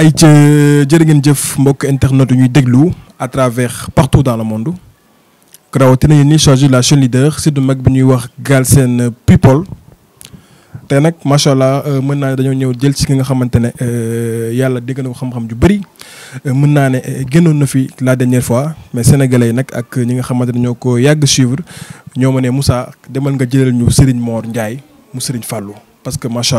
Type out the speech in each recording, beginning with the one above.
ay ca jërë ngeen jëf mbokk internet yu ñuy déglu à travers partout dans le monde rawatina yéen ñi chargé la chaîne leader surtout mag bi ñuy wax Galsen People te nag macha allah euh, mën naa ne dañoo ñëw jël ci ki nga xamante ne euh, yàlla dégg na ko xam-xam ju bëri euh, mën naa ne na fi la dernière fois mais sénégalais Nak, ak ñi nga xamante ne ko yàgg suivre ñoo ma Moussa demal nga jëlal ñu Serigne Mor Ndiaye mu Serigne Fallou parce que macha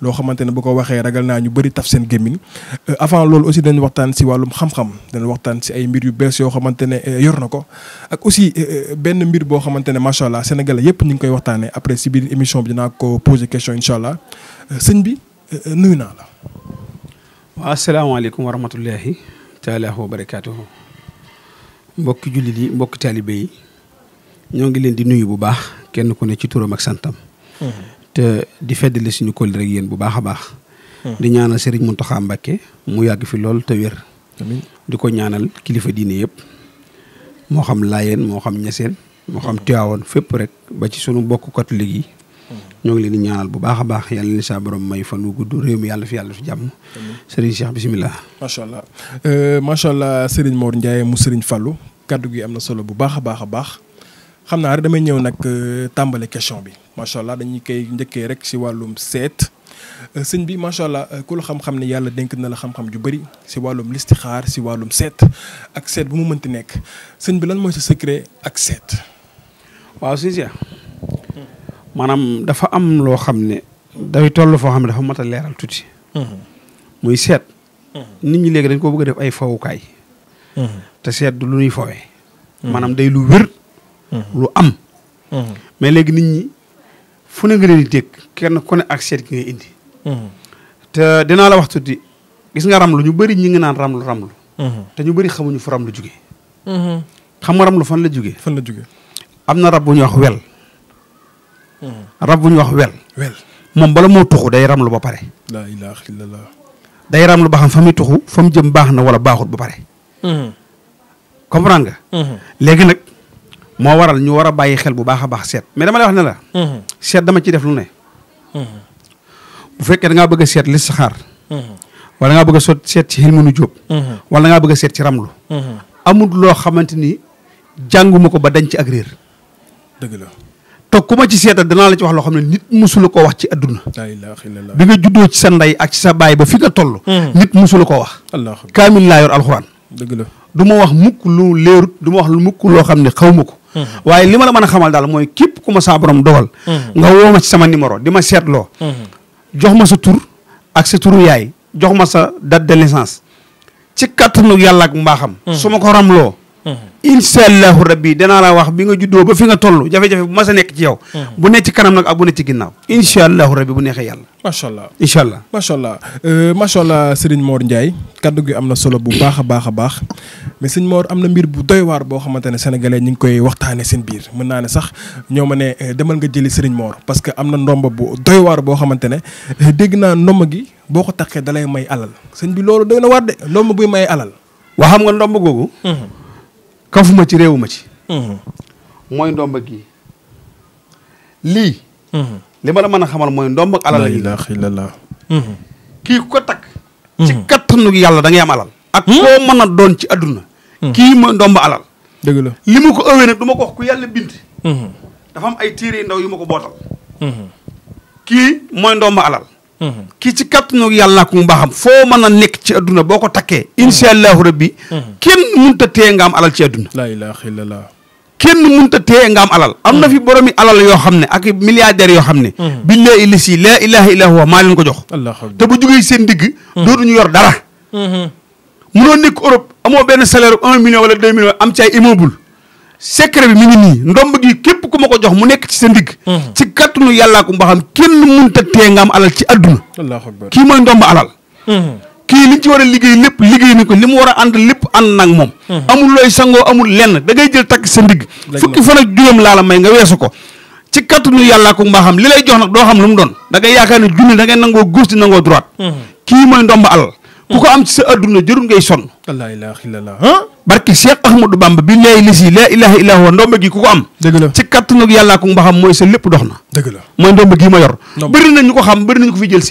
loo xamante bu ko waxee ragal naa ñu bëri taf seen gémmiñ avant loolu aussi dañu waxtaan si wàllum xam-xam dañu waxtaan si ay mbir yu bees yoo xamante ne yor na ak aussi benn mbir boo xamante ne sénégalais yëpp ñu koy waxtaanee après si biir émission bi dinaa ko poser question incha sëñ bi nuyu naa la. waaw asalaamaaleykum wa rahmatullahi taala wa barakaatuhu mbokki jullit yi mbokki taalibe yi ñoo ngi leen di nuyu bu baax kenn ku ne ci turam ak santam. te di feddali suñu kóol rek yéen bu baax a baax. Hmm. di ñaanal Serigne Mountakha Mbacké mu yàgg fi lool te wér. di ko ñaanal kilifa diine yëpp. moo xam Laayeen moo xam Ñaseen moo xam hmm. Tiwaawoon fépp rek ba ci sunu mbokku catholique yi. Hmm. ñoo ngi leen ñaanal bu baax a baax yàlla ni saa borom may fan wu gudd réew mi yàlla fi yàlla fi jàmm. Serigne Cheikh bisimilah. macha allah euh, macha allah Serigne Mor Ndiaye mu Serigne falu kaddu gi am na solo bu baax a baax a baax. xam naa rek damay ñëw nag euh, tàmbale question bi macha allah dañuy koy njëkkee rek si wàllum seet euh, sëñ bi macha allah euh, ku la xam-xam ne yàlla denk na la xam-xam ju bari si wàllum listixaar si wàllum seet ak seet bu mu mënti nekk sëñ bi lan mooy sa secret ak seet. waaw si maanaam dafa am loo xam ne. day toll foo xam ne dafa mat a leeral tuuti. Mhm. muy seet. Mhm. nit ñi léegi dañ ko bëgg def ay fawukaay. Mhm. te seet lu ñuy fawee. maanaam day lu wér. lu am. mais léegi nit ñi fu ne nga leen di dégg kenn ku ne ak seet ki ngay indi. te dinaa la wax tuuti gis nga lu ñu bëri ñi ngi naan ramlu ramlu. te ñu bëri xamuñu fu lu jugee. xam nga ramlu fan la jugee. fan la jugee am na rab bu ñu wax wel. rab bu ñuy wax wel. wel moom bala moo tuxu day ramlu ba pare. la ilaha illallah. day ramlu ba xam fa muy tuxu fa mu jëm baax na wala baaxut ba pare. Hmm. comprendre nga. Hmm. léegi nag. mo waral ñu wara bayyi xel bu baaxa baax set mais dama lay wax na la. Mm-hmm. set dama ci def lu ne. Mm-hmm. bu fekke da nga bëgg a seet hmm wala nga bëgg sot set ci job hmm wala nga bëgg set ci ramlu. Mm-hmm. amul lo xamanteni ba dañ ci deug la kuma ci dana la ci wax lo xamne nit musul ko wax ci illallah bi nga juddo ci sa nday ak ci sa ba fi nga tollu nit musul ko wax. kamil la yor alquran deug la duma wax mukk lu leer duma wax lu mukk lo xamne waaye li ma la mën a xamal daal mooy képp ku ma saa borom dogal. nga woo ma sama numéro di ma seetloo. jox ma sa tur ak sa turu yaay jox ma sa date de naissance. ci kattanu yàlla ak mbaaxam. Mm. su ma ko ramloo Mm-hmm. incha allahu rabbi danaa la wax bi nga juddoo ba fi nga toll jafe-jafe bu mas a nekk ci yow. Mm-hmm. bu nekk ci kanam nag ak bu nekk ci ginnaaw. incha allahu rabbi bu neexee yàlla. macha allah incha allah. macha allah euh, macha allah Serigne Mor Ndiaye kaddu gi am na solo bu baax a baax a baax mais Serigne Mor am na mbir bu doy waar boo xamante ne sénégalais ñu ngi koy waxtaanee seen biir mën naa ne sax ñoo ma ne euh, demal nga jëli Serigne Mor parce que am na ndomba bu doy waar boo xamante ne euh, dégg naa ndomba gi boo ko takkee dalay may alal sëñ bi loolu doy na waar de ndomba buy may alal. waa xam nga ndomba googu. Mm-hmm. kafuma ci rewuma ci hmm moy ndomba gi mhm. li ma la mën a xamal moy ndomba ak alal la ilaha illallah. Mhm. ko tak mhm. ci katanu yalla da ngay am alal. ak ko mën doon ci aduna ki mooy ndomba alal. deug la li ko ëwee ko wax ku bint hmm dafa am ay téré ndaw yu mako botal hmm ki moy ndomba alal. kii ci kattanu yàlla ak mu baaxam foo mën a nekk ci adduna boo ko takkee incha allahu rabbi kenn munta téye nga am alal ci adduna la ilaha illallah kenn munta nga am alal am na fi mm. boromi alal yoo xam ne ak milliardaires yoo xam ne mm. billahi lisi la ilaha illa huwa maa leen ko jox te bu jugee seen digg mm. dootuñu yor dara mm-hmm. munoo nekk Europe amoo benn salaire un million wala deux millions am ci ay immeuble secret bi mi ngi nii ndomb gi képp ku ma ko jox mu nekk ci sa ndigg hmm. ci kàttanu yàllaa ko mbaxam kenn munta tee ta am alal ci adduna kii mooy ndomb alal hmm. kii liñ ci war a liggéey lépp ni mu war a ànd lépp ànd nag moom hmm. amul looy sangoo amul lenn da jël takk sa ndigg fukki fan la may nga weesu ko ci kàttanu yàllaa ko mbaxam li lay jox nag doo xam lu mu doon da ngay yaakaar ne junni da ngay nangoo gauche di nangoo droite kii mooy ndomb alal ku ko am ci sa adduna jërul ngay sonn. la ilaha illallah. barki Cheikh Ahmadou Bamba bi lay lisi la ilaha illa huwa ndomba gi ku ko am. dëgg la ci kattanu ak yàllaa ko mooy sa lépp dox na. dëgg la mooy gii ma yor. bëri na ñu ko xam bëri na ñu ko fi jël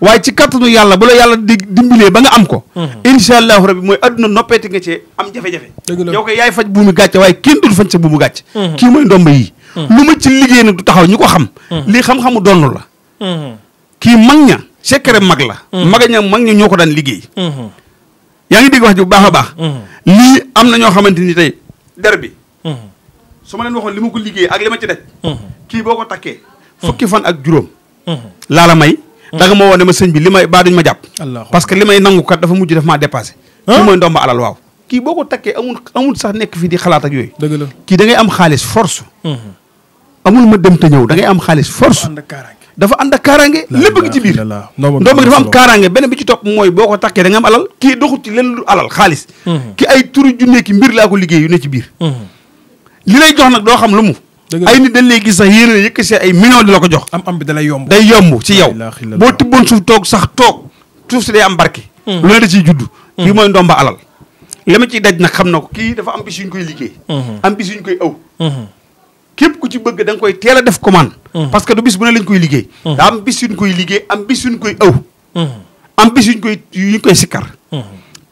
waaye ci kattanu yàlla bu yàlla di dimbalee ba nga am ko. incha allahu rabi mooy adduna noppeeti nga cee am jafe-jafe. dëgg yaay faj buumu gàcce waaye kenn dul faj sa buumu gàcce. kii mooy ndomba yii. lu ma ci liggéey sekere mag la maga ñam mm-hmm. mag ñu ñoko ko daan liggéey mm-hmm. yaa ngi dégg wax ju baax baax mm-hmm. am na ñoo xamanteni tay derbi hmm suma leen li ko liggéey ak lima ci def hmm ki boko takkee fukki fan ak juróom hmm la may da nga mo woné ma señ bi limay ba duñ ma jàpp parce que limay may nangu kat dafa mujj daf ma dépassé ci moy ndomba alal waaw ki boko ko amul amul sax nek fi di xalaat ak yoy deug la ki da ngay am xaalis force amul ma dem te ñew da ngay am xaalis force dafa ànd ak kaaraange lépp ngi ci biir ndomba gi dafa am kaaraange beneen bi ci topp mooy boo ko takkee da nga am alal kii doxut ci leen lu alal xaalis hmm. ki ay turu junne ki mbir laa ko liggéey yu ne ci biir hmm. li lay jox nag doo xam lu mu ay nit dañ lay gis sax yéen a yëkk see ay millions di la ko jox am am bi dalay yomb day yomb ci yow boo tibboon suuf toog sax toog suuf si day am barke hmm. lu ne da ciy judd bi mooy ndomba alal li ma ciy daj nag xam na ko kii dafa am bis yuñ koy liggéey am bis koy aw képp ku ci bëgg da nga koy teel a def commande. parce que du bis bu ne lañ koy liggéey. da am bis yuñ koy liggéey am bis yuñ koy aw. am bis yuñ koy yuñ koy sikkar.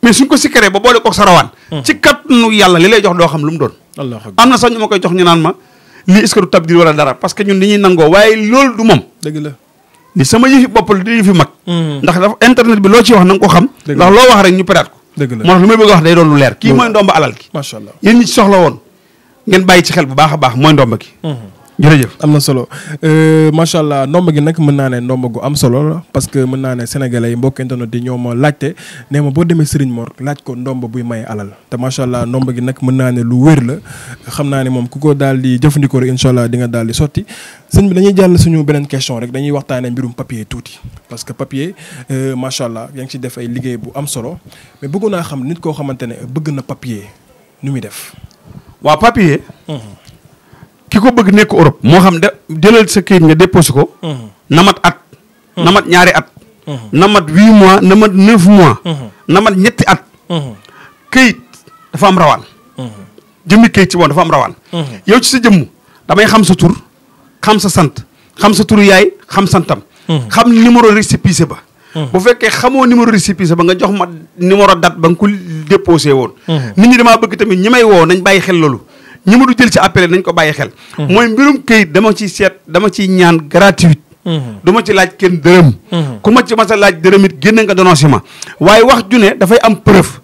mais suñ ko sikkaree ba boole ko sa rawaan. ci kàttanu yàlla li lay jox doo xam lu mu doon. am na sax ñu ma koy jox ñu naan ma lii est-ce que du tabdir wala dara parce que ñun ni dañuy nangoo waaye loolu du moom. dëgg la ni sama yëfi bopp la di yëfi mag. ndax dafa internet bi loo ciy wax na nga ko xam. ndax loo wax rek ñu peraat ko. dëgg la moo tax lu may bëgg wax day doon lu leer. kii mooy ndomba alal gi. macha allah yéen ñi ci soxla woon ngeen bàyyi ci xel bu baax a baax mooy ndomba gi. Mhm. am na solo euh, macha allah ndomb gi nag mën naa ne ndomb gu am solo la parce que mën naa ne sénégalais yi mbokk internet yi ñoo ma laajte nee ma boo demee Serigne Mor laaj ko ndomb buy maye alal te macha allah ndomb gi nag mën naa ne lu wér la xam naa ne moom ku ko daal di jëfandikoo rek incha allah di nga daal di sotti sëñ bi dañuy jàll suñu beneen question rek dañuy waxtaanee mbirum papier tuuti parce que papier euh, macha allah yaa ngi si def ay liggéey bu am solo mais bëggoon naa xam nit koo xamante ne bëgg na papier nu muy def. waa papier. ki ko bëgg nekk Europe. moo xam de jëlal sa kayit nga déposé ko. namat at. namat ñaari at. namat huit mois namat neuf mois. namat ñetti at. kayit dafa am rawaan. jëmmi kayit ci woon dafa am rawaan. yow ci sa jëmm damay xam sa tur xam sa sant xam sa turu yaay xam santam. xam numéro récépissé ba. Mm-hmm. bu fekkee xamoo numéro récépissé ba nga jox ma numéro date ba nga ko déposé woon. Mm-hmm. nit ñi damaa bëgg tamit ñi may woo nañ bàyyi xel loolu. ñi ma du jël ci appelé nañ ko bàyyi xel. Mm-hmm. mooy mbirum këyit dama ciy seet dama ciy ñaan gratuite. du ci laaj kenn dërëm. ma ci a laaj dërëm it génne nga donosi ma waaye wax ju ne am preuve.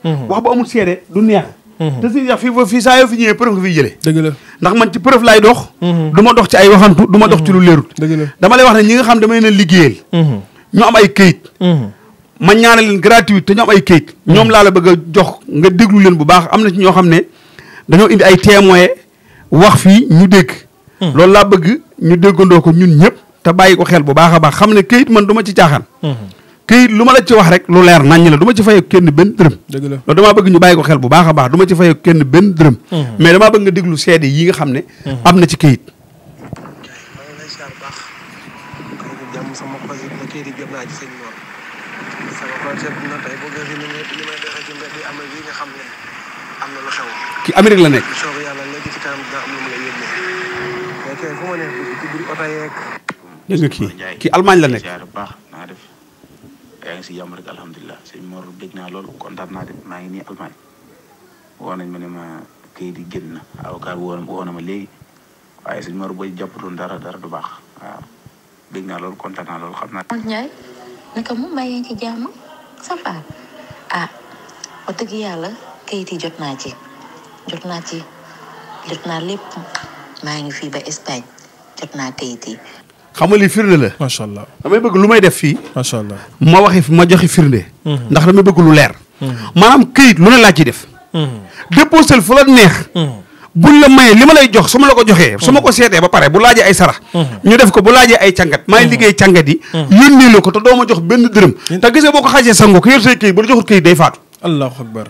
du neex. te si yax fii ba fii saa yoo laay dox. du ma dox ci ay waxantu du ma dox ci lu leerut. dama lay wax ne ñi nga xam damay na liggéeyal. ñu am ay këyit. Mhm. ma ñaane leen gratuite te ñu am ay këyit. Mhm. ñoom laa la bëgg a jox nga déglu leen bu baax am na ci ñoo xam ne dañoo indi ay témoin wax fii ñu dégg. Mhm. loolu laa bëgg ñu déggandoo ko ñun ñëpp te bàyyi ko xel bu baax a baax xam ne këyit man du ma ci caaxaan. këyit lu ma la ci wax rek lu leer naññ la du ma ci fay ak kenn benn dërëm. dëgg la loolu damaa bëgg ñu bàyyi ko xel bu baax a baax du ci fay ak kenn benn dërëm. mais damaa bëgg nga déglu seede yi nga xam ne. am na ci këyit. jumaa ji xam am na lu xew. ki Amérique la nekk. soobu yàlla léegi ci kanam dina am lu mu la yónnee. mais kay fu ma ne ci biir oto yeeg. dégg nga kii kii baax naa def yaa ngi si jàmm rek alhamdulilah sëñ Mor dégg naa loolu kontaan naa def maa ngi nii Allemagne woo nañ ma ne ma kay di génn na avocat woo na ma léegi dara dara du baax naa loolu kontaan naa loolu xam naka mu mbaa yaa ngi ci jàmm ça ah, yàlla kayit jot naa ci jot naa ci naa lépp maa ngi fii ba Espagne jot naa kayit yi. xam nga lii firnde la. macha allah bëgg lu may def fii. macha allah ma waxi ma joxe firnde. Mhm. ndax damay bëgg lu leer. Mhm. maanaam kayit lu ne laa ciy def. Mhm. déposé fu la neex. bu la mayee li ma lay jox su ma la ko joxee su ma ko mm-hmm. seetee ba pare bu laajee ay sarax mm-hmm. ñu def ko bu laajee ay càngat maay mm-hmm. liggéey càngat yi yónnee la ko te doo ma jox benn dërëm te gis nga boo ko xaajee sango ko yor say këyit ba la joxul këyit day faatu allahu akbar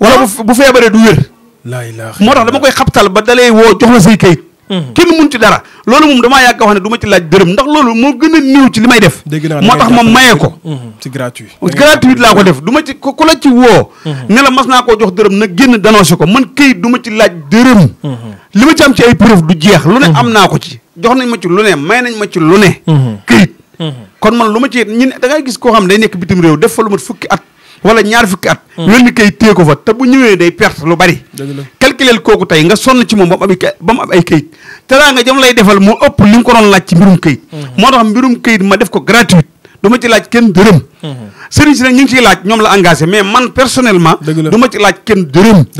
wala bu feebaree du wér moo tax dama koy xabtal ba dalay woo jox la say këyit Mhm. kenn mun ci dara loolu moom damaa yàgg a wax ne du ma ci laaj dërëm ndax loolu moo gën a néew ci li may def moo tax ma maye ko mhm. c'est gratuit gratuit laa ko def mhm. du ma ci ku la ci woo ne la mas naa koo jox dërëm na génn dénoncé ko man këyit du ma ci laaj dërëm li ma ci ci ay preuve du jeex lu ne am naa ko ci jox nañ ma ci lu ne may nañ ma ci lu ne këyit kon man lu ma ci ñun da ngay gis koo xam day nekk bitim réew def fa lu mat fukki at wala ñaar fukki at. mel ni kay téye ko fa te bu calculeel kooku tey nga sonn ci moom ba mu am ab ay kayit teraanga jam lay defal mu ëpp li nga ko doon laaj ci mbirum kayit mhm. moo tax mbirum kayit ma def ko gratuite du ma ci laaj kenn dërëm mhm. sëriñ si nag ñu ngi ciy laaj ñoom la engagé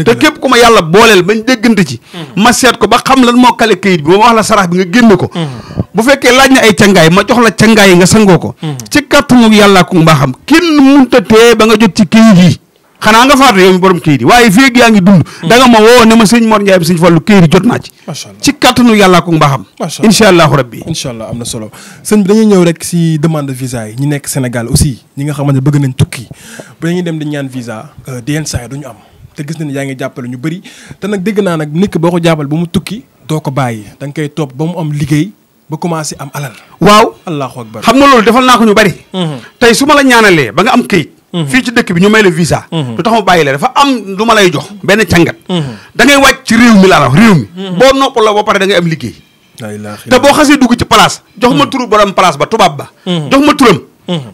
te képp ku yàlla booleel bañ déggante ci mhm. ma seet ko ba xam lan moo kale kayit bi ba ma wax la sarax bi nga génn ko bu fekkee laaj na ay cangaay ma jox la cangaay nga sangoo ko ci kàttanu yàlla ku mbaaxam kenn munta tee nga jot ci kayit yi xanaa nga faatu yow mi borom këyit yi waaye feeg yaa ngi dund mm. da nga ma woo ne ma sëñ Mor Ndiaye bi sëñ Fallou këyit yi jot nekk Sénégal aussi ñi nga xamante ne bëgg nañ tukki ba dem di ñaan visa euh, di yenn am te gis nañ yaa ngi jàppale ñu bëri te nag dégg naa nag nekk boo ko jàppal ba mu tukki doo ko bàyyi da koy topp ba mu am liggéey ba commencé am alal waaw allahu akbar xam nga loolu defal naa ko ñu bëri mm-hmm. tey su ma la ñaanalee ba nga am këyit fii ci dëkk bi ñu may la visa mhm. lu tax ma bàyyi la dafa am lu ma lay jox benn càngat mhm. da ngay wàcc ci réew mi laa la wax réew mi mhm. boo noppaloo ba pare da ngay am liggéey te boo xasee dugg ci place jox ma tur borom place ba tubaab ba jox ma turam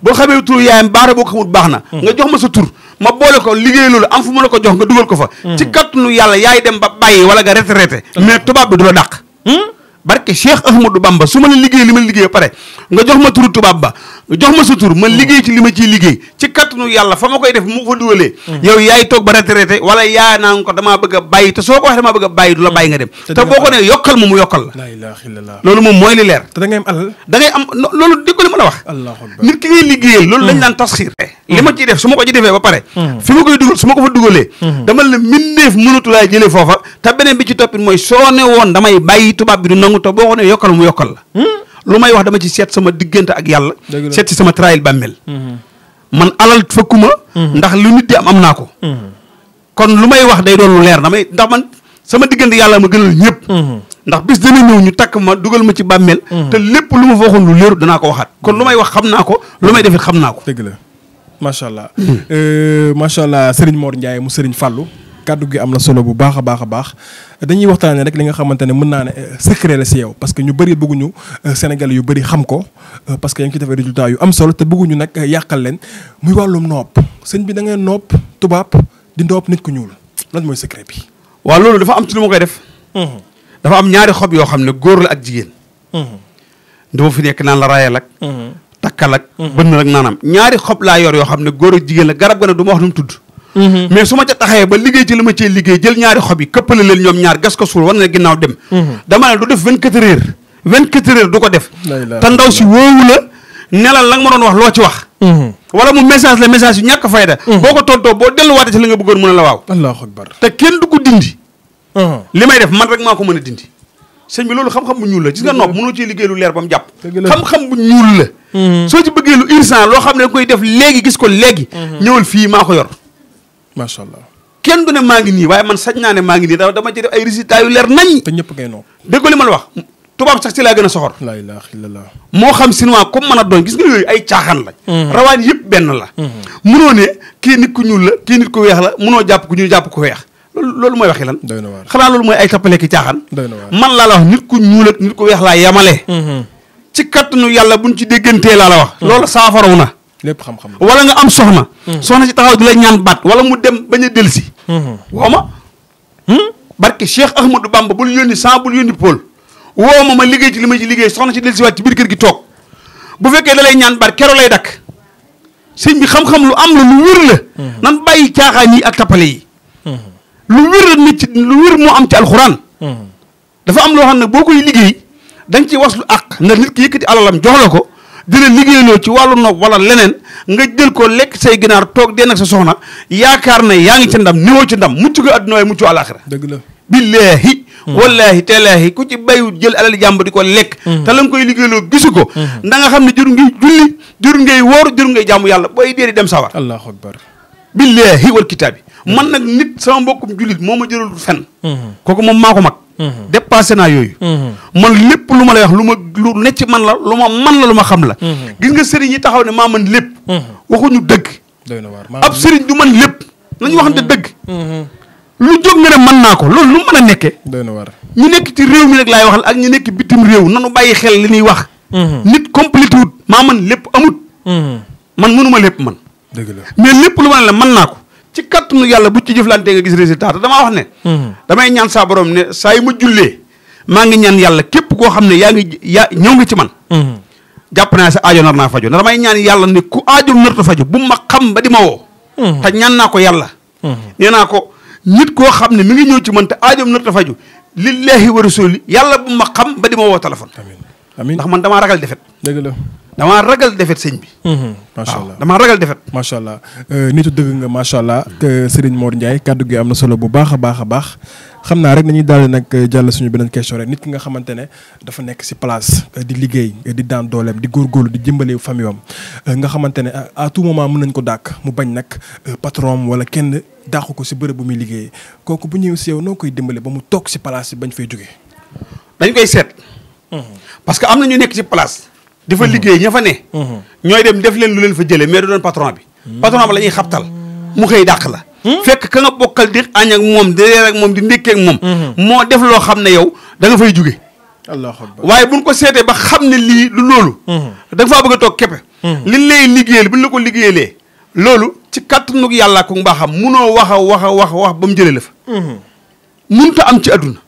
boo xamee tur yaayam baax na boo ko xamul baax na nga jox ma sa tur ma boole ko liggéey loolu am fu ma la ko jox nga dugal ko fa ci kattanu yàlla yaay dem ba bàyyi wala nga retraité mais tubaab bi du la dàq hmm? barke Cheikh Ahmadou Bamba su ma la liggéey li ma liggéey pare nga jox ma turu tubaab ba jox ma sa tur man liggéey ci li ma ciy liggéey ci kattanu yàlla fa ma koy def mu fa dugalee mm. yow yaay toog ba retraité wala yaa naan ko damaa bëgg a bàyyi soo ko wax damaa bëgg a bàyyi du la mm. bàyyi nga dem te boo ko ne yokkal loolu moom mooy li leer te da ngay am alal da ngay am loolu dégg li ma la wax nit ki ngay liggéeyal loolu lañ mm. naan tasxiir eh, ko ci defee ba pare fi ma koy dugal su ma ko dama la mindeef mënatu laa jëlee foofa te beneen bi ci toppit mooy soo ne woon damay bàyyi tubaab bi du nangu te boo ko ne yokkal mu yokkal la lu may wax dama ci seet sama diggante ak yàlla. seet ci sama trail bàmmeel. Mhm. man alal fëkkuma mhm. ndax lu nit di am am naa ko. Mhm. kon lu may wax day doon lu leer damay ndax man sama diggante yàlla ma gënal ñëpp. ndax bis dana ñëw ñu takk ma dugal ma ci bàmmeel. te lépp lu ma fa lu leeru danaa ko waxaat kon lu may wax xam naa ko lu may defit xam naa ko. dëgg la macha allah. Mm. Euh, macha allah Serigne Mor Ndiaye mu Serigne fàllu kàddu gi am na solo bu baax a baax a dañuy waxtaanee ne mën naa ne euh, secret la si yow parce que ñu bëri bëgguñu euh, Sénégal yu bëri xam ko euh, parce que yaa ngi ci defee résultat yu am solo te bëgguñu nag yàqal leen muy wàllum nopp di nopp nit ku ñuul lan mooy secret bi. waaw loolu dafa am ci lu ma koy def. dafa am ñaari xob yoo xam ne góor la ak jigéen. dama fi nekk naan la raayal ak. takkal ak. bënn ak naanam ñaari xob laa yor yoo xam ne góor ak jigéen la garab ga nag du wax nu mu tudd. Mm-hmm. mais su ma ca taxawee ba liggéey ci li ma cee liggéey jël ñaari xob yi këppale leen ñoom ñaar gas ko suul war na ginnaaw dem mm-hmm. dama ne du def vingt quatre heures vingt du ko def te ndaw si woowu la nelal la ma doon wax loo ci wax mm-hmm. wala mu message la message yu ñàkk fayda boo ko tontoo boo delluwaate ci li nga bëggoon mën a la waaw allahu akbar te kenn du ko dindi li may def man rek maa ko mën a dindi sëñ bi loolu xam-xam bu ñuul la gis nga nopp mënoo liggéey lu leer ba mu jàpp xam-xam bu ñuul loo xam ne koy def léegi gis ko léegi ñëwal fii maa ko yor macha allah kenn du ne maa ngi nii waaye man sañ naa ne maa ngi nii da dama ci def ay résultats yu leer nañ te li ma la wax tubaab sax ci laa gën a soxor la ilaha illallah moo xam sinuwaa comme mën a doon gis nga yooyu ay caaxaan la mhm. rawaan yëpp benn la mhm. munoo ne kii nit ku ñuul la kii nit ku weex la munoo jàpp ku ñuul jàpp ku weex loolu loolu mooy waxi lan xanaa loolu mooy ay tappale caaxaan man laa la wax nit ku ñuul ak nit ku weex laa yamale mhm. ci kattanu yàlla buñ ci déggantee laa la wax loolu lepp xam-xam wala nga am soxna hmm. soxna si taxaw di la ñaan bat wala mu dem bañ a delsi hmm. woo ma hmm? barke cheikh ahmadou bamba bu yónni sa bu yónni pol woo ma ma liggéey ci lima ci liggey soxna si delsi wat ci bir kër gi tok bu fekke da lay ñaan baat kero lay dak sëñ bi xam-xam lu am lu wër la nan bayyi caaxaan ak tapale yi lu wër ni nit ci lu wër mo am ci alxuraan dafa am lo xamne bokuy liggey koy ci waslu ak na nit ki yëkëti alalam joxlako ko dina liggéeyaloo ci wàllu nopp wala leneen nga jël ko lekk say ginaar toog dee nag sa soxna yaakaar ne yaa ngi ci ndam niwoo ci ndam mucc ko adduna waaye muccu àlaxira dëgg la billaahi mm. wallaahi teelaahi ku ci bayu jël alal jàmb di lekk mm. te la nga koy liggéeyloo gisu ko mm. da xam ne jur ngay julli ngay woor jur ngay jàmm yàlla booy dee di dem sawar allahu akbar billaahi wal kitaabi man nag nit sama mbokkum jullit moom ma jëral fen kooku moom maa ko mag Mm-hmm. dépassé naa yooyu. Mm-hmm. man lépp lu ma lay wax lu ma lu ne ci man la lu ma man la lu ma xam la. Mm-hmm. gis nga sëriñ yi taxaw ne maa man lépp. waxuñu dëgg. na waar ab sëriñ du man lépp nañu waxante dëgg. lu jóg nga ne mën naa ko loolu lu mën a nekkee. doy na waar ñi nekk ci réew mi rek laay la ak ñi nekki bitim réew na nanu bàyyi xel li ñuy wax. nit complété maa man lépp amut. man mënuma lépp man. dëgg la mais lépp lu ma ne la mën naa ko. ci kattanu yàlla bu ci jëflantee nga gis résultat te damaa wax ne. Mhm. damay ñaan saa borom ne saa yi ma jullee maa ngi ñaan yàlla képp koo xam ne yaa ngi yaa ñëw ngi ci man. Mhm. jàpp naa sa aajo nar naa faju na damay ñaan yàlla ne ku aajo narta faju bu ma xam ba di ma woo. Mhm. te ñaan naa ko yàlla. nee naa ko nit koo xam ne mu ngi ñëw ci man te aajo narta faju lillahi wa rasuli yàlla bu ma xam ba di woo téléphone. amiin ndax man damaa ragal defet dëgg la damaa ragal defet sëñ bi. Mhm. macha allah waaw damaa ragal defet. macha allah euh, nit dëgg nga macha allah. Serigne Mor Ndiaye kàddu gi am na solo bu baax a baax a baax. xam naa rek nañuy daal nag euh, jàll suñu beneen question rek nit ki nga xamante ne dafa nekk si place euh, di liggéey di daan dooleem di góor góorgóorlu di jëmbale famille am nga xamante ne à tout moment mën nañ ko dàkk mu bañ nag patron am wala kenn dàqu ko si bërëb bu muy liggéeyee kooku bu ñëw si yow noo koy dimbale ba mu toog si place bi bañ fay jógee. dañ koy seet. Mhm. parce que am na ñu nekk ci place. dafa mhm. liggéey ña fa mhm. ñooy dem def leen lu leen fa jëlee mais du doon patron bi. Mhm. patron bi la ñuy xabtal mu xëy dàq la. fekk ka bokkal di añ ak moom di reer ak moom di ndékkee moom. moo def loo xam ne yow da nga fay jugee. allahu akbar waaye buñ ko seetee ba xam ne lii lu loolu. da nga faa bëgg a toog képp. liñ lay liggéeyal buñ la ko liggéeyalee. loolu ci kàttanug yàlla ko xam munoo wax a wax a wax wax ba mu jëlee la fa. mun a am ci adduna.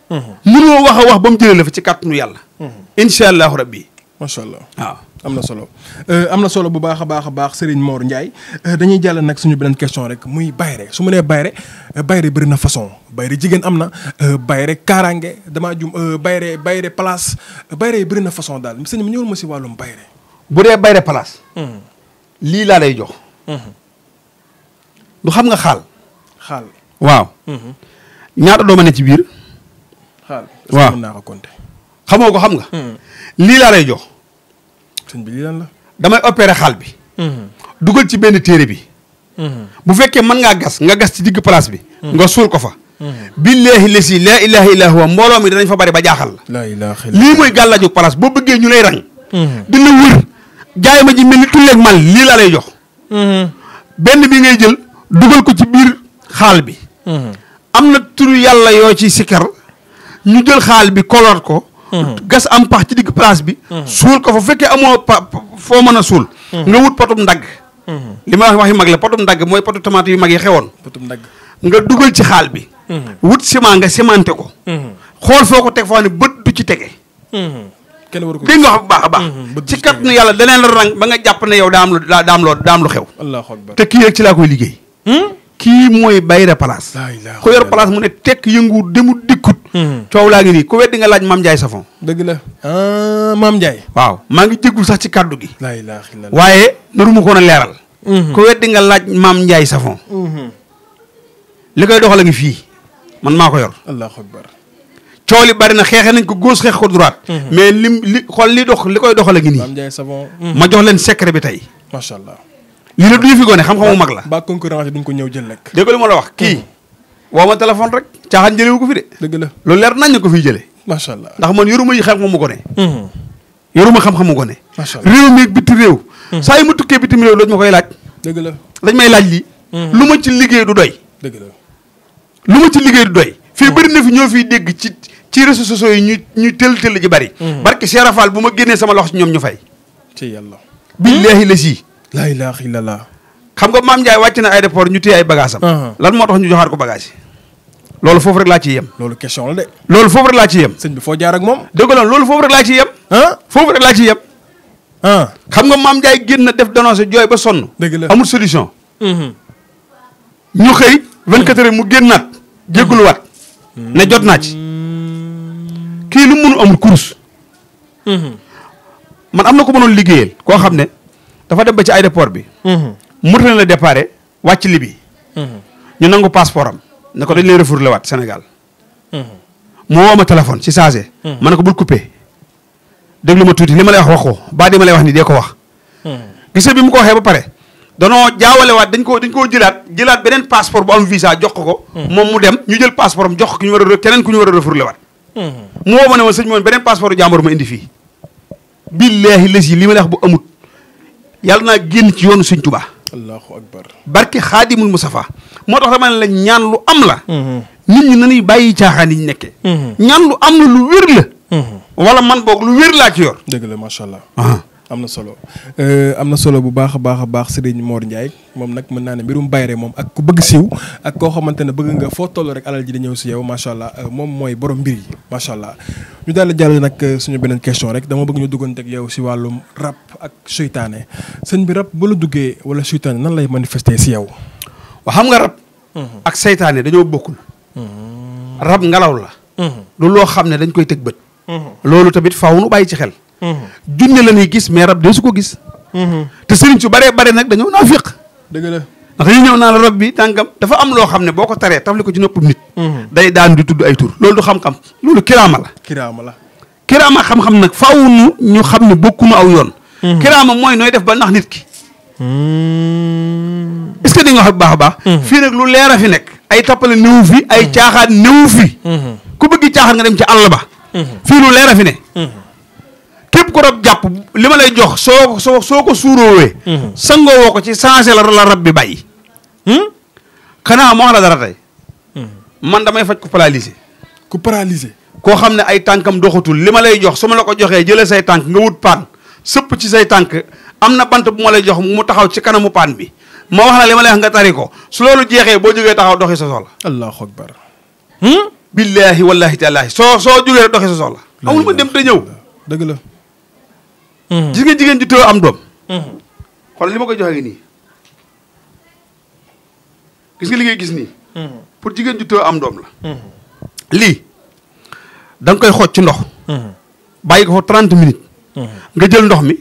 munoo wax a wax ba mu jëlee la fa ci kàttanu yàlla. Mm-hmm. incha allahu rabbi macha allah waaw ah. am na solo eh, am na solo bu baax a baax a baax Serigne Mor Ndiaye eh, dañuy jàll nag suñu beneen question rek muy bayre su ma nee bayre eh, bayre bëri na façon bayre jigéen am na bayre kaaraange damaa jum bayre bayre place bayre yi bëri na façon daal sëñ bi ñëwul ma si wàllum bayre bu dee bayre place mm-hmm. lii laa lay jox mm-hmm. du xam nga xaal xaal waaw ñaata dooma ne ci biir xaal waaw mën naa ko compter xamoo ko xam nga. Hmm. lii laa lay jox. sëñ bi lii la. damay opéré xaal bi. Hmm. dugal ci benn téere bi. Hmm. bu fekkee mën ngaa gas nga gas ci digg place bi. nga suul ko fa. billaahi lesi laa ilaaha illaa huwa mbooloo mi danañ fa bari ba jaaxal la. lii mooy gàllaaju place boo bëggee ñu lay rang. dina wër jaay ma ji mel ni tulleeg mal lii laa lay jox. benn bi ngay jël dugal ko ci biir xaal bi. am na turu yàlla yoo ci sikkar ñu jël xaal bi koloot ko. Mm-hmm. gas am pax ci digg place bi. Mm-hmm. suul ko fa fekkee amoo pa foo mën a suul. Mm-hmm. nga wut potum ndagg. li ma wax waxi mag la potum ndagg mooy potu tomate yu mag yi xewoon. potum ndagg nga dugal ci xaal bi. wut ciment nga cimenté ko. xool foo ko teg foo ne bët du ci tege. kenn waru ko dégg nga wax bu baax a baax. ci kat nu yàlla daneen rang ba nga jàpp ne yow daa am lu daam loo daam lu xew. te kii rek ci laa koy liggéey. Hmm? kii mooy Bayra Palace. ku yor Palace mu ne tekk yëngu demut dikkut. Hmm. coow laa ngi nii ku weddi nga laaj Mame Ndiaye Savon. dëgg la ah Mame waaw maa ngi jéggul sax ci kàddu gi. waaye naruma koon a leeral. Hmm. ku weddi nga laaj maam Ndiaye Savon. Hmm. li koy doxal ngi fii man maa ko yor. allahu akbar. coow li bari na xeexe nañ ko gauche xeex ko droite. mais lim li xool li dox li koy doxal a ngi nii. Mame Ndiaye Savon. ma jox leen secret bi tey. macha lii lépp du ñu fi gone xam-xamu mag la. ba concurrence duñ rek. dégg li ma la wax hmm. kii. woo ma téléphone rek caaxaan jëlee wu ko fi de. dëgg la loolu leer nañ ko fiy jëlee. macha ndax man yoruma yi xam-xamu gone. Hmm. yoruma xam-xamu gone. macha allah réew mi biti réew. Hmm. saa yu ma tukkee bitim réew dañ ma koy laaj. dëgg la dañ may laaj lii. lu ma ci liggéey du doy. dëgg la lu ma ci liggéey du doy. fii bëri na fi ñoo fiy dégg ci ci réseaux sociaux yi ñu ñu tëll tëll ji bari. barke Cheikh Rafal bu ma génnee sama loxo ci ñoom ñu fay. ci yàlla. billaahi la si laa ilaaha illallaah xam nga maam Ndiaye wàcc na ay aéroport ñu téye ay bagages ah. lan moo tax ñu joxaat ko bagage loolu foofu rek laa ci yem. loolu question la foofu rek laa ci yem. sëñ bi foo jaar moom. dëgg la loolu foofu laa ciy yem. Ah. foofu rek laa ciy yem. Ah. xam nga maam Ndiaye génn na def dénoncé jooy ba sonn. dëgg la amul solution. Mm-hmm. ñu xëy. 24 heures mu génnaat. Mm-hmm. wat mm-hmm. ne jot naa ci. kii lu mu mënu amul course. man am na ko mënoon liggéeyal koo xam ne. dafa dem ba ci aéroport bi. Mauritanie la départ wàcc Libye. ñu nangu passeport am na ko dañ lay refourlé waat Sénégal. moo woo ma téléphone ci saa ma ne ko bul coupé. déglu ma tuuti li ma lay wax wax ko ba di ma lay wax ni dee ko wax. gis bi mu ko waxee ba pare. danoo jaawale waat dañ ko dañ koo jëlaat jëlaat beneen passeport bu am visa jox ko ko. moom mu dem ñu jël passeport am jox ko ñu war a keneen ku ñu war a refourlé waat. mu woo ma ne ma sëñ moom beneen passeport jàmbur ma fii. yàlla naa génn ci yoonu Sëñ Tuubaa allahu akbar barke xaadimul Mustafa moo tax dama la ñaan lu am la ñu ñi nañuy bàyyi caaxaan yi ñu nekkee mhm. ñaan lu am la lu wér la mhm. wala man boog lu wér laa ci yor dëgg la macha allah ah. am na solo euh, am na solo bu baax a baax a baax Serigne Mor Ndiaye moom nag mën naa ne mbirum bayre moom ak ku bëgg siiw ak koo xamante ne bëgg nga foo toll rek alal ji di ñëw si yow macha allah euh, moom mooy borom mbir yi macha allah. ñu daal di jàll nag euh, suñu beneen question rek dama bëgg ñu duggante ak yow si wàllu rab ak seytaane sëñ bi rab ba la duggee wala seytaane nan lay manifester si yow. waaw xam nga rab. Mhm. ak seytaane dañoo bokkul. Mhm. rab ngelaw la. lu mhm. loo xam ne dañ koy teg bët. loolu tamit faaw bàyyi ci xel. junne lañuy gis mais rab de su ko gis te serigne ci bare bare nag dañoo naafiq deug la ndax dañu ñëw naan rab bi tangam dafa am lo xamne boko taré ko tafli ci nopp nit day daan di tuddu ay tur lolou du xam-xam lolou kirama la kirama la kirama xam-xam nak faawu nu ñu xamne bokku bokkunu aw yoon kirama moy noy def ba nax nit ki hmm. est-ce que di nga baax baax hmm. fi nak lu leer fi nek ay tappale néew fi ay hmm. caaxaan néew fi ku bëgg caaxaan nga dem ci allah ba fi lu fi ne képp ko rab jàpp li ma lay jox soo soo soo ko suuroowee. Mhm. sangoo woo ko ci changé la la rab bi bay hmm? xanaa moo la dara tey. Mhm. man damay faj ku paralysé. koo xam ne ay tànkam doxatul li ma lay jox su ma la ko joxee jëlee say tànk nga wut paan sëpp ci say tànk am na bant bu ma lay jox mu taxaw ci kanamu paan bi ma wax na li ma lay wax nga tari ko su loolu jeexee boo jógee taxaw doxi sa soxla. allahu akbar. Hmm? billaahi wallaahi taalaahi soo soo jugee doxi sa soxla. amul ma dem te ñëw dëgg la. Mhm. gis nga jigéen ju tëw am doom. Mhm. xool li ma koy joxe ngi nii gis nga li gis nii. Mhm. pour jigéen ju tëw am doom la. lii da koy xooj ci ndox. bàyyi ko fa 30 minutes. nga jël ndox mi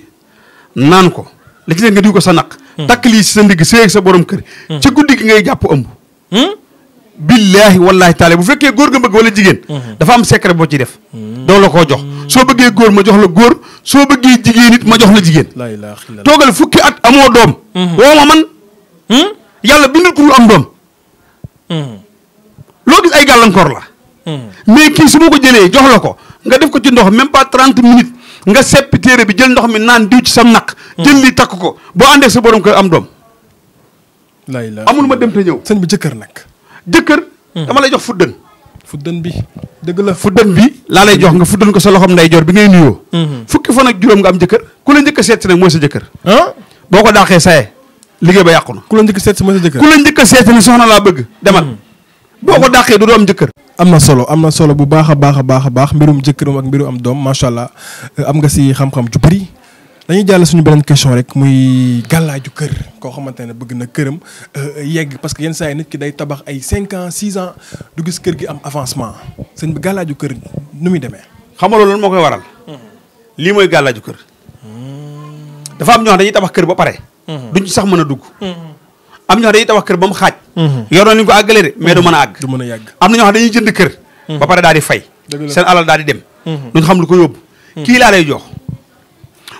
naan ko li ci nga diw ko sa naq. takk lii si sa ndigg séeg sa borom kër. ci guddi gi ngay jàpp ëmb. Hmm? billaahi wallaahi taala bu fekkee góor nga bëgg wala jigéen. dafa am secret boo ci def. Hmm. doo koo jox. Hmm. soo bëggee góor ma jox la góor soo bëggee jigéen it ma jox la jigéen. toogal fukki at amoo doom. Mhm. woo ma man. Hmm? yàlla bindul ku am doom. Hmm. loo gis ay gàllankoor la. Hmm. mais kii su ma ko jëlee jox la ko nga def ko ci ndox même pas trente minutes nga seppi téere bi jël ndox mi naan diw ci sam naq. jël li takk ko boo àndee sa borom kër am doom. amul ma dem te ñëw. sëñ bi jëkkër nag. jëkkër dama lay jox fuddën. fuddan bi dëgg la fuddan bi laa lay jox nga fuddan ko sa loxoom nday jor bi ngay nuyoo mhm. fukki fan ak juróom nga am jëkkër ku la njëkk seet si nag mooy sa jëkkër ah? boo ko daaxee saye liggéey ba yàqu na ku la njëkk a seet si mooy sa jëkkër ku la njëkk a seet si ni soxna laa bëgg demal mhm. boo ko dàqee du doo am jëkkër am na solo am na solo bu baax a baax a baax a baax mbirum jëkkëram ak mbiru am doom macha allah am nga si xam-xam ju bëri dañuy jàll suñu beneen question rek muy gàllaaju kër koo xamante ne bëgg na këram euh, yegg parce que yenn saa yi nit ki day tabax ay cinq ans six ans du gis kër gi am avancement sëñ bi gàllaaju kër nu muy demee. xam nga loolu moo koy waral. Hmm. lii mooy gàllaaju kër. Hmm. dafa am ñoo xam dañuy tabax kër ba pare. Hmm. duñ ci sax mën a dugg. am ñoo xam dañuy tabax mu xaaj. yoroon nañu ko àggale de mais du mën a àgg. du mën a yàgg am na ñoo xam dañuy jënd kër. ba pare daal di fay. seen alal daal di dem. duñ xam lu ko yóbbu. kii laa lay jox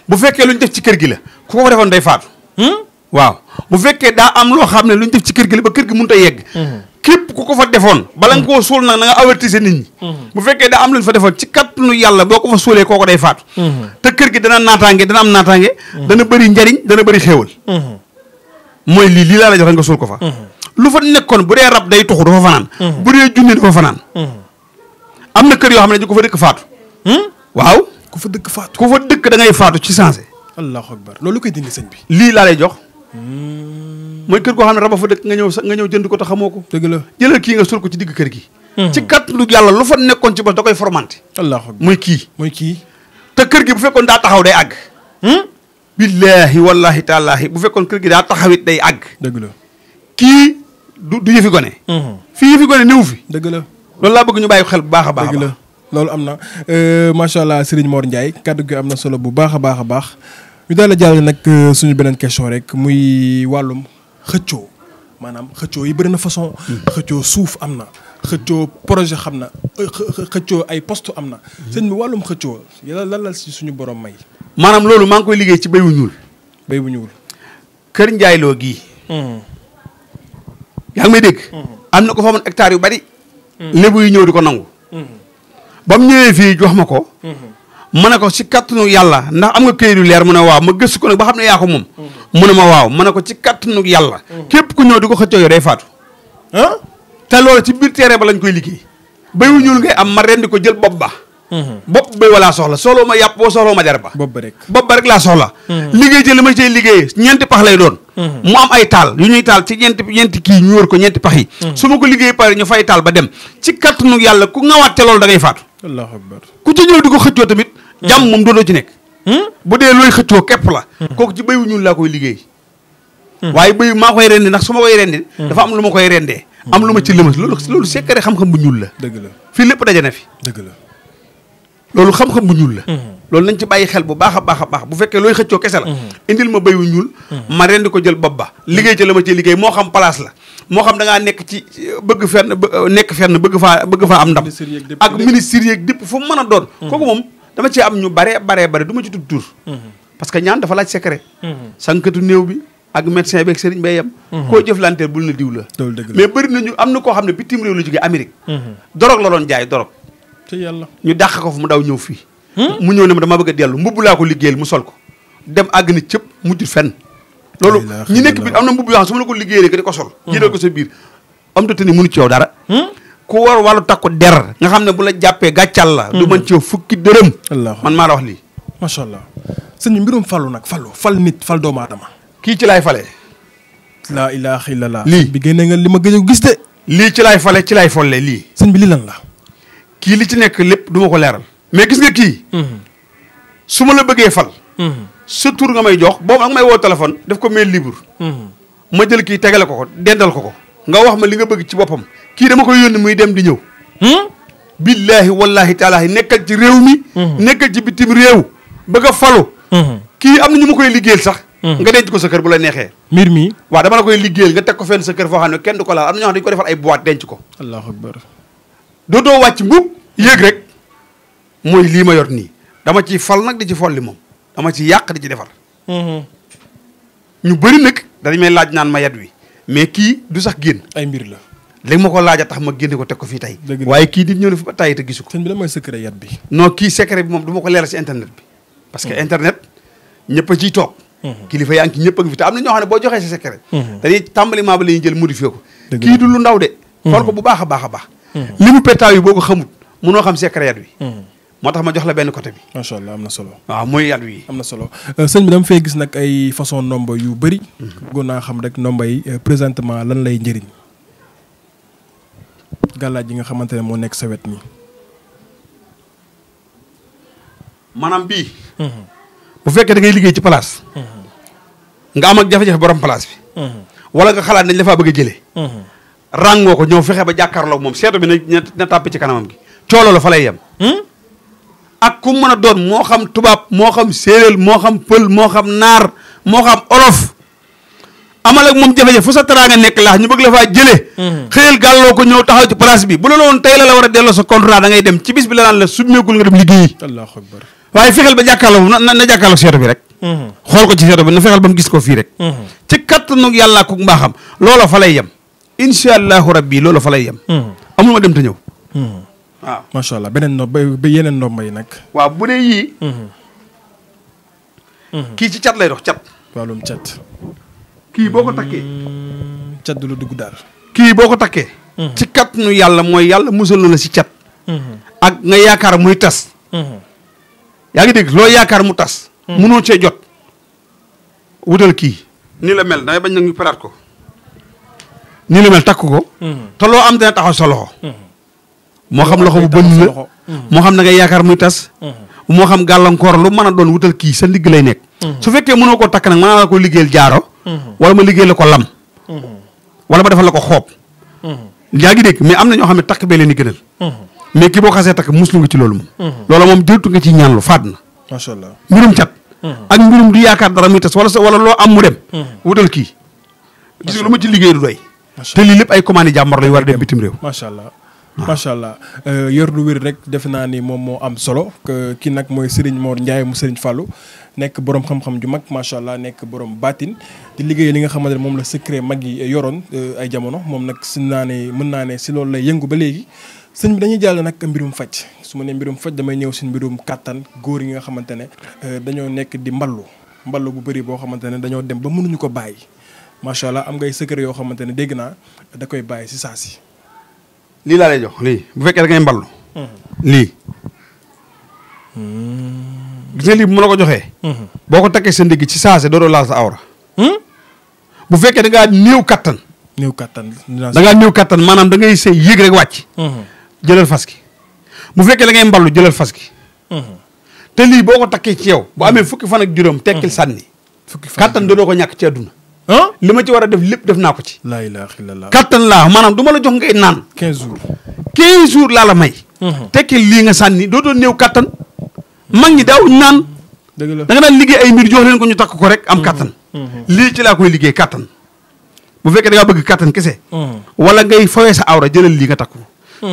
bu fekkee lu ñu def ci kër gi la ku ko defoon day faatu. Hmm? waaw bu fekkee daa am loo xam ne lu ñu def ci kër gi la ba kër gi mënut a yegg. Hmm. képp ku ko fa defoon. bala nga hmm. koo suul nag na a avertiser nit ñi. bu fekkee daa am lu ñu ci kattanu yàlla boo ko fa suulee kooko day faatu. te kër gi dana naataange dana am naataange. dana bëri njariñ dana bëri xéewal. mooy lii lii laa la jox a nga suul ko fa. lu fa nekkoon bu dee rab day tuxu dafa fanaan. bu dee junne dafa fanaan. am na kër yoo xam ne ñu ko fa dëkk faatu. waaw. ku fa dëkk faatu. ku fa dëkk da ngay faatu ci sensé. allahu akbar loolu koy dindi sëñ bi. lii laa lay jox. Hmm. mooy kër goo xam ne raba fo dëkk nga ñëw sa nga ñëw jënd ko te xamoo ko. dëgg la jëlal kii nga sul ko ci digg kër gi. Hmm. ci kàttanu yàlla lu fa nekkoon ci bos da koy formanté. allahu akbar mooy kii. mooy kii te kër gi bu fekkoon daa taxaw day àgg. Hmm? billaahi wallaahi taalaahi bu fekkoon kër gi daa taxawit day àgg. dëgg la kii du du yëfi gone. fii yëfi gone néew fi. dëgg la loolu laa bëgg ñu bàyyi xel bu baax a baax. dëgg loolu am na euh, macha allah Serigne Mor njaay kàddu gi am na solo bu baax a baax a baax ñu daal la jàll nag euh, suñu beneen question rek muy wàllum xëccoo maanaam xëccoo yi bëri na façon. Hmm. xëccoo suuf am na. xëccoo projet xam na euh, xëccoo ay post am na. Hmm. sëñ bi wàllum xëccoo yàlla lan si suñu borom may. maanaam loolu maa ngi koy liggéey ci béy wu ñuul. béy bu ñuul. kër njaayloo gii. Hmm. yaa ngi may dégg. am na ko fa amoon hectare yu bari. lébu yi ñëw di ko nangu. ba mu ñëwee fii jox ma ko. ma ne ko ci nu yàlla ndax am nga këyit leer mu ne waaw ma gëstu ko nag ba xam ne yaa ko moom. mu a ma waaw ma ne ko ci kattanu yàlla. képp ku ñëw di ko xëccoo yow day faatu. te loolu ci biir terrain ba lañ koy liggéey. béyu ñuul ngay am ma rendi ko jël bopp ba. Mm-hmm. bop be wala soxla solo ma yap bo solo ma jarba bop rek bop rek la soxla mm-hmm. liggéey jeul ma cay liggéey ñent pax lay doon mm-hmm. mu am ay tal yu ñuy tal ci ñent ñent ki ñu wër ko ñent pax yi suma ko liggéey pare ñu fay tal ba dem ci kattanu yalla ku ngawaat te lol da ngay fat allah akbar ku ci ñew diko ko tamit jam mum do do ci nek hmm? bu de loy xëccoo kep la kooku ci béyu ñun la koy liggéey waye béyu ma koy rendi nak suma ma koy rendi dafa am luma koy rendé am luma ma ci lëmas lolu lolu sekkare xam-xam bu ñul la deug la lepp dajé na fi deug la loolu xam-xam bu ñul la mm-hmm. loolu nañ ci bayyi xel bu baaxa baaxa baax bu fekke loy xëccoo kessela mm-hmm. indil ma béyu ñul mm-hmm. ma rend ko jël bobba liggey ci lama ci liggey mo xam place la mo xam da nga nek ci bëgg fenn nek fenn bëgg fa bëgg fa am ndam ak ministre yeeg dip fu mëna doon koku mom dama ci am ñu bare bare bare duma ci tuddur tur parce que ñaan dafa laaj secret sankatu neew bi ak médecin bi ak serigne yam ko jëflanté bul na diw la mais bari nañu am na koo bitim rew la jógee Amérique dorok la doon jaay te yàlla ñu dàq ko fu mu daw ñëw fii. mu ñëw ne ma dama bëgg a dellu mbubb laa ko liggéeyal mu sol ko dem àgg na cëpp mujj fen loolu ñu nekk bi am na mbubb yoo xam su ma la ko liggéeyee rek ko sol. Hmm. jëndal ko sa biir am te ni ci yow dara. Hmm? ko war wàllu takku der. nga xam ne bu la jàppee gàccal la. du hmm. mën ci yow fukki dërëm. man maa la wax lii. macha allah sëñ mbirum falu nag fallu fal nit fal doomu aadama. kii ci laay fale. laa ilaaha illallaah. lii bi génne nga li ma gëj a gis te lii ci laay ci laay folle lii. sëñ bi la. ki li ci nek lepp duma ko leral mais gis nga ki su la beugé fal. ce tour nga may jox boobu ak may wo téléphone def ko mail libre. ma jël ki tegale ko ko dendal ko ko. nga wax ma li nga bëgg ci bopam ki dama ko yoni muy dem di ñëw. billahi wallahi taala nekkal ci rew mi. nekkal ci bitim rew bëgg a falu. ki am na ñu ma koy liggéeyal sax. nga denc ko sa kër bu la nexé mbir mi waaw dama la koy liggéel nga tek ko fenn sa kër fo xamne kenn du ko laal am na xam ko defal ay boîte denc ko. allahu akbar. doo doo wàcc mbubb yéeg rek mooy lii ma yor nii dama ciy fal nag di ci folli moom dama ci yàq di ci defar mhm. ñu bëri nag dañ may laaj naan ma yat wi mais kii du sax génn ay mbir la léegi ma ko laaj a tax ma génne ko teg ko fii tey waaye kii di ñëw ne fi ba tàyyi te gisu ko sëñ bi lan mooy secret kii secret bi moom du ma ko leeral si internet bi parce que mhm. internet ñëpp ci toog mhm. kilifa yaa ngi ñëpp a am na ñoo xam ne boo joxee sa secret dañuy tàmbali maa ba la ñuy jël modifié ko kii du lu ndaw de xool ko bu baax baax a baax Mmh. li mu pétaaw yi boo ko xamut mënoo xam secret yat wi mmh. moo tax ma jox la benn côté bi macha allah am na solo waaw mooy yat wi am na solo euh, sëñ bi dama fay gis nag ay façon ndomba yu bari mmh. bëggoon naa xam rek ndomba yi euh, présentement lan lay njëriñ gàllaaj yi nga xamante ne moo nekk sa wet nii maanaam bii bu fekkee da liggéey ci place nga am ak jafe-jafe borom place bi wala nga xalaat nañ la faa bëgg a jëlee ràngoo ko ñëw fexe ba jàkkaarloog moom seetu bi na na tàpp ci kanamam gi coolo la fa lay hmm? a doon moo xam tubaab moo xam séeréel moo xam pël moo xam naar moo xam olof amal ak moom jafe nekk la faa jëlee hmm. xëyal gàlloo ko ñëw taxaw ci place bi sa contrat da dem ci la naan la ba jàkkaarloo na na jàkkaarloo seetu bi rek hmm. xool ko ci seetu bi na fexeel ba mu gis ko fii rek ci kattanu yàlla ku mbaaxam loola fa lay yem incha allahu rabbi loolu fa lay yem. Hmm. amul ma dem te ñëw. waaw hmm. ah. macha allah beneen no ba yeneen ndomba yi nag. waaw bu dee yii. Hmm. kii ci cat lay dox cat. wàllum cat. kii boo ko takkee. la dugg daal. kii boo ko takkee. ci kat nu yàlla mooy yàlla musal na la si cat. ak nga yaakaar muy tas. yaa ngi dégg loo yaakaar mu tas. munoo cee jot. wutal kii. ni la mel damay bañ nag ñu peraat ko. ni le mel takku ko. Hmm. te lo am dina taxaw sa loxo. Hmm. moo xam loxo bu bonni hmm. mo xam na ngay yaakaar muy tas. mo xam gàllankoor lu meuna don wutal ki sa ndig lay nek su fekke mënoo ko tak nak mën ko liggéeyal jaaro. wala ma liggéeyal ko lam. wala ma defal ko xoob. yaa mais am na ñoo xam tak be leni di gënal. mais ki bo xasse tak muslu nga ci loolu mom loola mom jottu nga ci allah cat. ak mirum du yaakaar dara muy tas wala wala lo am mu dem. wutal ki gis lu ma ci du doy te lii lépp ay commande jàmbar la yu war a dem bitim réew macha allah macha allah euh, yor lu wér rek defe naa ni moom moo am solo kii nag mooy Serigne Mor Ndiaye mu Serigne Fallou nekk borom xam-xam ju mag macha allah nekk borom baatin di liggéey li nga xamante ne moom la secret mag yi yoroon euh, ay jamono moom nag si naa ne mën naa ne si loolu lay yëngu ba léegi sëñ bi dañuy jàll nag mbirum faj su ma nee mbirum faj damay ñëw si mbirum kàttan góor yi nga xamante ne euh, dañoo nekk di mballu mballu bu bëri boo xamante ne dañoo dem ba mënuñu ko bàyyi macha allah am ngay secret yoo xamante ne dégg naa da koy bàyyi si saa si. lii laa lay jox lii bu fekkee da ngay mballu. Hmm. lii. Hmm. gis nga lii bu ma la ko joxee. Hmm. boo ko takkee sa ndigg ci saa doo dootoo laal sa awra. bu fekkee da ngaa néew kattan. néew kattan da ngaa néew kattan maanaam da ngay sëy yéeg rek wàcc. jëlal faski bu fekkee da ngay mballu jëlal faski te lii boo ko takkee ci yow bu amee fukki fan ak juróom tekkil sànni. fukki fan kattan dootoo ko ñàkk ci àdduna. ah li ma ci war a def lépp def naa ko ci. laa ilaaha illallaah kattan laa maanaam du ma la jox ngay naan. 15 jours 15 jours laa la may. Mhm. tekki lii nga sànni dootoo néew kattan. mag ñi daaw naan. dëgg la da nga liggéey ay mbir jox leen ko ñu takk ko rek am mhm. kattan. Mhm. lii ci laa koy liggéey kattan. bu fekkee da bëgg kattan kese. wala ngay fawee sa awra jëlal lii nga takku.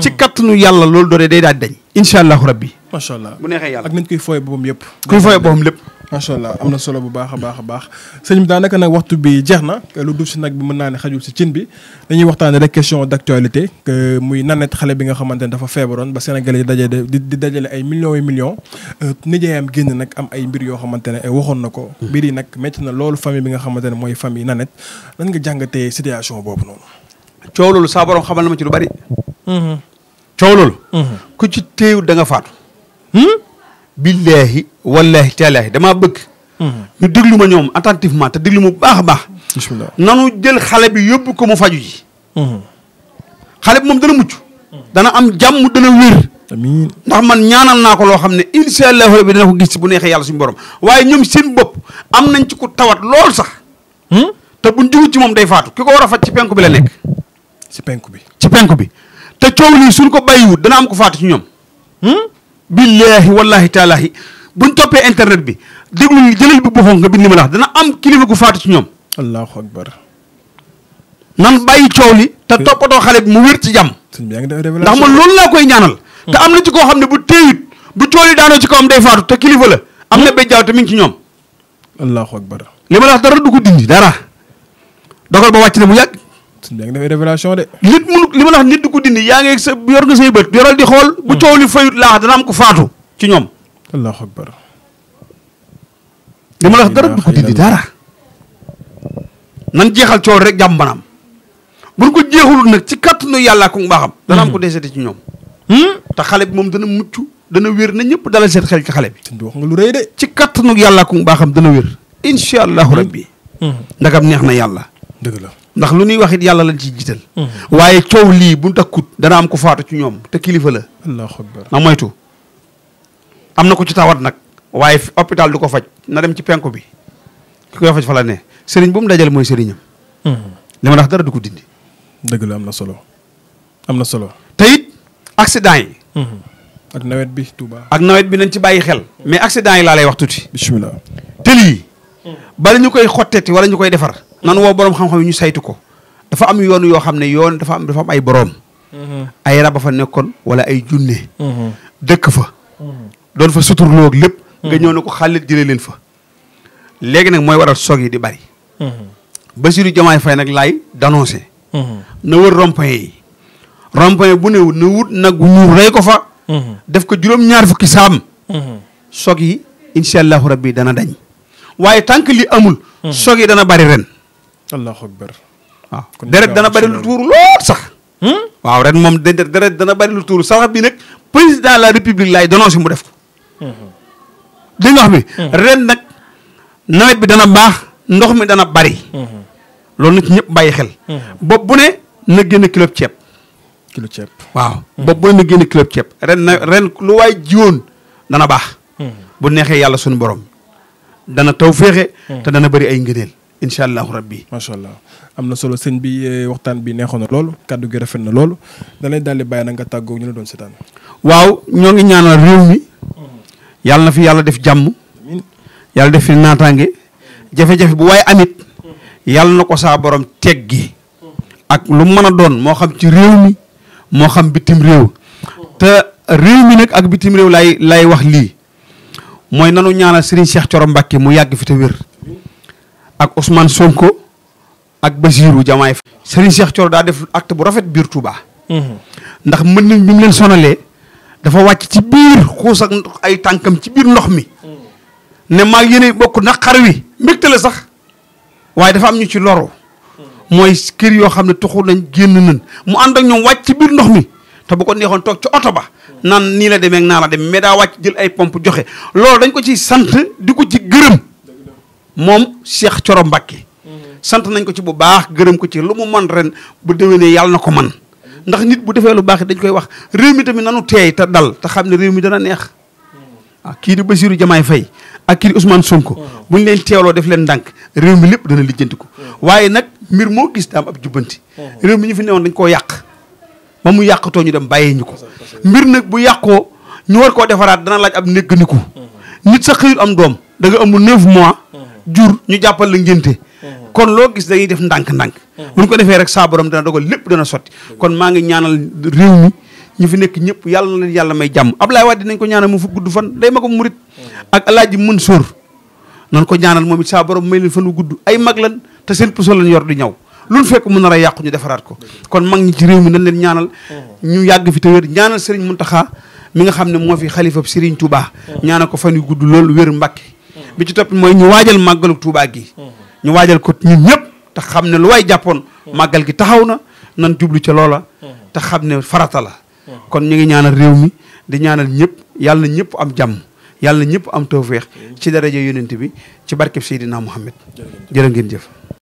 ci kattanu yàlla loolu dooree day daa di dañ. incha allahu rabbi. macha allah bu neexee yàlla ak nañ koy fooyee boppam yëpp. kuy fooyee boppam lépp. macha allah am na solo bu baax a baax a baax sëñ bi daanaka nag waxtu bi jeex na lu duuf si nag bi mën naa ne xajul si cin bi dañuy waxtaanee rek question d' actualité muy nanet xale bi nga xamante ne dafa feebaroon ba Sénégalais yi dajale di dajale ay million et millions euh, nijaayam génn nag am ay mbir yoo xamante ne waxoon na ko. Hmm. mbir yi nag metti na loolu famille bi nga xamante ne mooy famille nanet lan nga jàngatee situation boobu noonu. coow loolu saa borom na ma ci lu bari. Hmm. coow loolu. Hmm. da nga billaahi wallaahi taalaahi damaa bëgg. Mhm. ñu déglu ma ñoom attentivement te déglu ma bu baax a baax. bisimilah nanu jël xale bi yóbbu ko mu faju ji. Mhm. xale bi moom dana mucc. dana am jàmm dana wér. amiin ndax man ñaanal naa ko loo xam ne incha allahu bi dana ko gis bu neexee yàlla suñu borom waaye ñoom seen bëpp am nañ ci ku tawat lool sax. Hmm? te buñ jugu ci moom day faatu ki ko war a faj ci penku bi la nekk. ci penku bi ci penku bi te coow lii suñ ko bàyyiwut dana am ko faatu ci ñoom. Hmm? billaahi wallaahi taalaahi buñ toppee internet bi déglu jëlal bi boppam nga bind ma la dana am kilifa gu faatu ci ñoom. allahu akbar. nan bàyyi coow li te toppatoo xale bi mu wér ci jàmm. ndax man loolu laa koy ñaanal. Hmm. te am na ci koo xam ne bu teewit bu coow li daanoo ci kawam day faatu te kilifa la. am na hmm. béjjaaw te mi ngi ci ñoom. allahu akbar. li ma la wax dara du ko dindi dara dogal ba wàcc na bu yàgg. suñu yaa ngi de. nit munut li ma la nit ko dindi yaa ngi sa yor nga say bët yoral di xool. bu hmm. coow li fayut laax dana am ko faatu ci ñoom. allahu akbar. ma wax dara du ko dindi dara. nan jeexal coow rek jàmm banaam buñ ko jeexul nag ci kàttanu yàlla ko mbaaxam. ko hmm. desete ci ñoom. Hmm? te xale moom dana mucc dana wér na ñëpp dala seet xel xale bi. wax nga lu rëy ci kàttanu yàlla ko mbaaxam dana wér. incha allahu rabbi. ndagam neex na yàlla. ndax lu ñuy wax it yàlla lañ ciy jiital. Mm-hmm. waaye coow lii bu takkut dana am ko faatu ci ñoom te kilifa la. allahu akbar na am na ko ci tawat nag waaye hôpital du ko faj na dem ci penku bi ki koy faj fa la ne sëriñ bu mu mooy sëriñam. Mm-hmm. li ma tax dara du ko dindi. dëgg la am na solo na solo. te it accident yi. Mm-hmm. ak nawet bi Touba. ak nawet bi nañ ci bàyyi xel. mais accident yi laa lay wax tuuti. bisimilah. te lii. Mm. bala ñu koy xotteeti wala ñu koy defar. nan woo borom xam-xam yi ñu saytu ko dafa am yoon yoo xam ne yoon dafa am dafa am ay borom. Mm-hmm. ay raba fa nekkoon wala ay junne. Mm-hmm. dëkk fa. Mm-hmm. doon fa suturloo ak lépp. nga ñëw ne ko xaalit jëlee leen fa. léegi nag mooy waral soog yi di bari. Bassirou Diomaye Faye nag laay d'annoncer. na wër rond-point yi. rond bu ne na wut nag ñu rey ko fa. def ko juróom-ñaar fukki saam. soog yi incha allahu rabbi dana dañ. waaye tant que amul. soog dana bari ren. allah akbar waaw ah. deret dana bari lu tuuru lool sax. Hmm? waaw ren mom deret dana bari lu tuuru sax bi nag président la république laay dénoncé mu def ko. li hmm. nga xam hmm. ne. ren nak nawet bi dana bax ndox mi dana bari. hmm loolu nit ñëpp baye xel. bopp bu ne na génn club ceeb. club ceeb waaw. bopp bu ne na club kilo ren ren lu way jion dana bax hmm bu nexé yalla suñu borom dana tawfexé féexe te dana bari ay ngeenel hmm incha allahu rabbi macha allah am na solo sëñ bi eh, waxtaan bi neexoon na loolu kàddu gi rafet na loolu da lay daal di bàyyi na nga tàggoo ñu la doon seetaan waaw ñoo ngi ñaanal réew mi yàlla na fi yàlla def jàmm yàlla def fi naataange jafe-jafe bu waaye amit yàlla na ko saa boroom borom gi ak lu mën a doon moo xam ci réew mi moo xam bitim réew te réew mi nekk ak bitim réew lay lay wax lii mooy nanu ñaanal Serigne Cheikh Thioro Mbacke mu yàgg fi te wér ak Ousmane Sonko ak Basirou Diomaye Faye. Serigne Cheikh Thioro daa def acte bu rafet biir Touba. Mm-hmm. ndax mën nañ bi mu leen sonalee dafa wàcc ci biir xuus ak ay tànkam ci biir ndox mi. Mm-hmm. ne maa ngi bokk na xar wi mbégte sax waaye dafa am ñu ci loro mm-hmm. mooy kër yoo xam ne tuxu nañ génn nañ mu ànd ak ñoom wàcc ci biir ndox mi te bu ko neexoon toog ci oto ba. naan nii la demee naa la dem mais daa wàcc jël ay pomp joxe loolu dañ ko ci sant di ko ci gërëm. moom Cheikh Coro Mbacke. sant nañ ko ci bu baax gërëm ko ci lu mu mën ren bu ne yàlla na ko man ndax nit bu defee lu baax dañ koy wax réew mi tamit nanu teey te dal te xam ne réew mi dana neex. ah kii di Bassirou Diomaye Faye ak kii di Ousmane Sonko. buñ leen teewloo def leen ndànk réew mi lépp dana lijjanti ko. waaye nag mbir moo gis daam ab jubbanti. réew mi ñu fi newoon dañ koo yàq. ba mu yàqatoo ñu dem bàyyee ñu ko. mbir nag bu yàqoo ñu war koo defaraat dana laaj ab négganiku. nit sa xëyul am doom da amul 9 mois. jur ñu jàppal la ngénte mhm. kon loo gis dañuy def ndànk-ndànk mhm. bu ko defee rek saa borom dana dogal lépp dana sotti kon maa ngi ñaanal réew mi ñu fi nekk ñëpp yàlla na leen yàlla may jàmm Ablaye Wade dinañ ko ñaanal mu fu gudd fan day magam murit mhm. ak alaaji mën sóor nan ko ñaanal moom it saa borom may leen fan wu gudd ay mag lan te seen puso lañ yor di ñaw lu fekk mun nar a yàqu ñu defaraat ko kon mag ñi ci réew mi nañ leen ñaanal ñu yàgg fi te wér ñaanal Serigne Mountakha mi nga xam ne moo fi xalifab Serigne Touba ñaanal ko fan yu gudd bi ci topp mooy ñu waajal màggalu Tuubaa gi mm-hmm. ñu waajal ko ñun ñëpp te xam ne lu waay jàppoon mm-hmm. màggal gi taxaw na nan jublu ca loola mm-hmm. te xam ne farata la kon ñu ngi ñaanal réew mi di ñaanal ñëpp yàlla na ñëpp am jàmm yàlla na ñëpp am tawféex ci daraja yonent bi ci barkeb Seydina Muhammad jërë ngeen jëf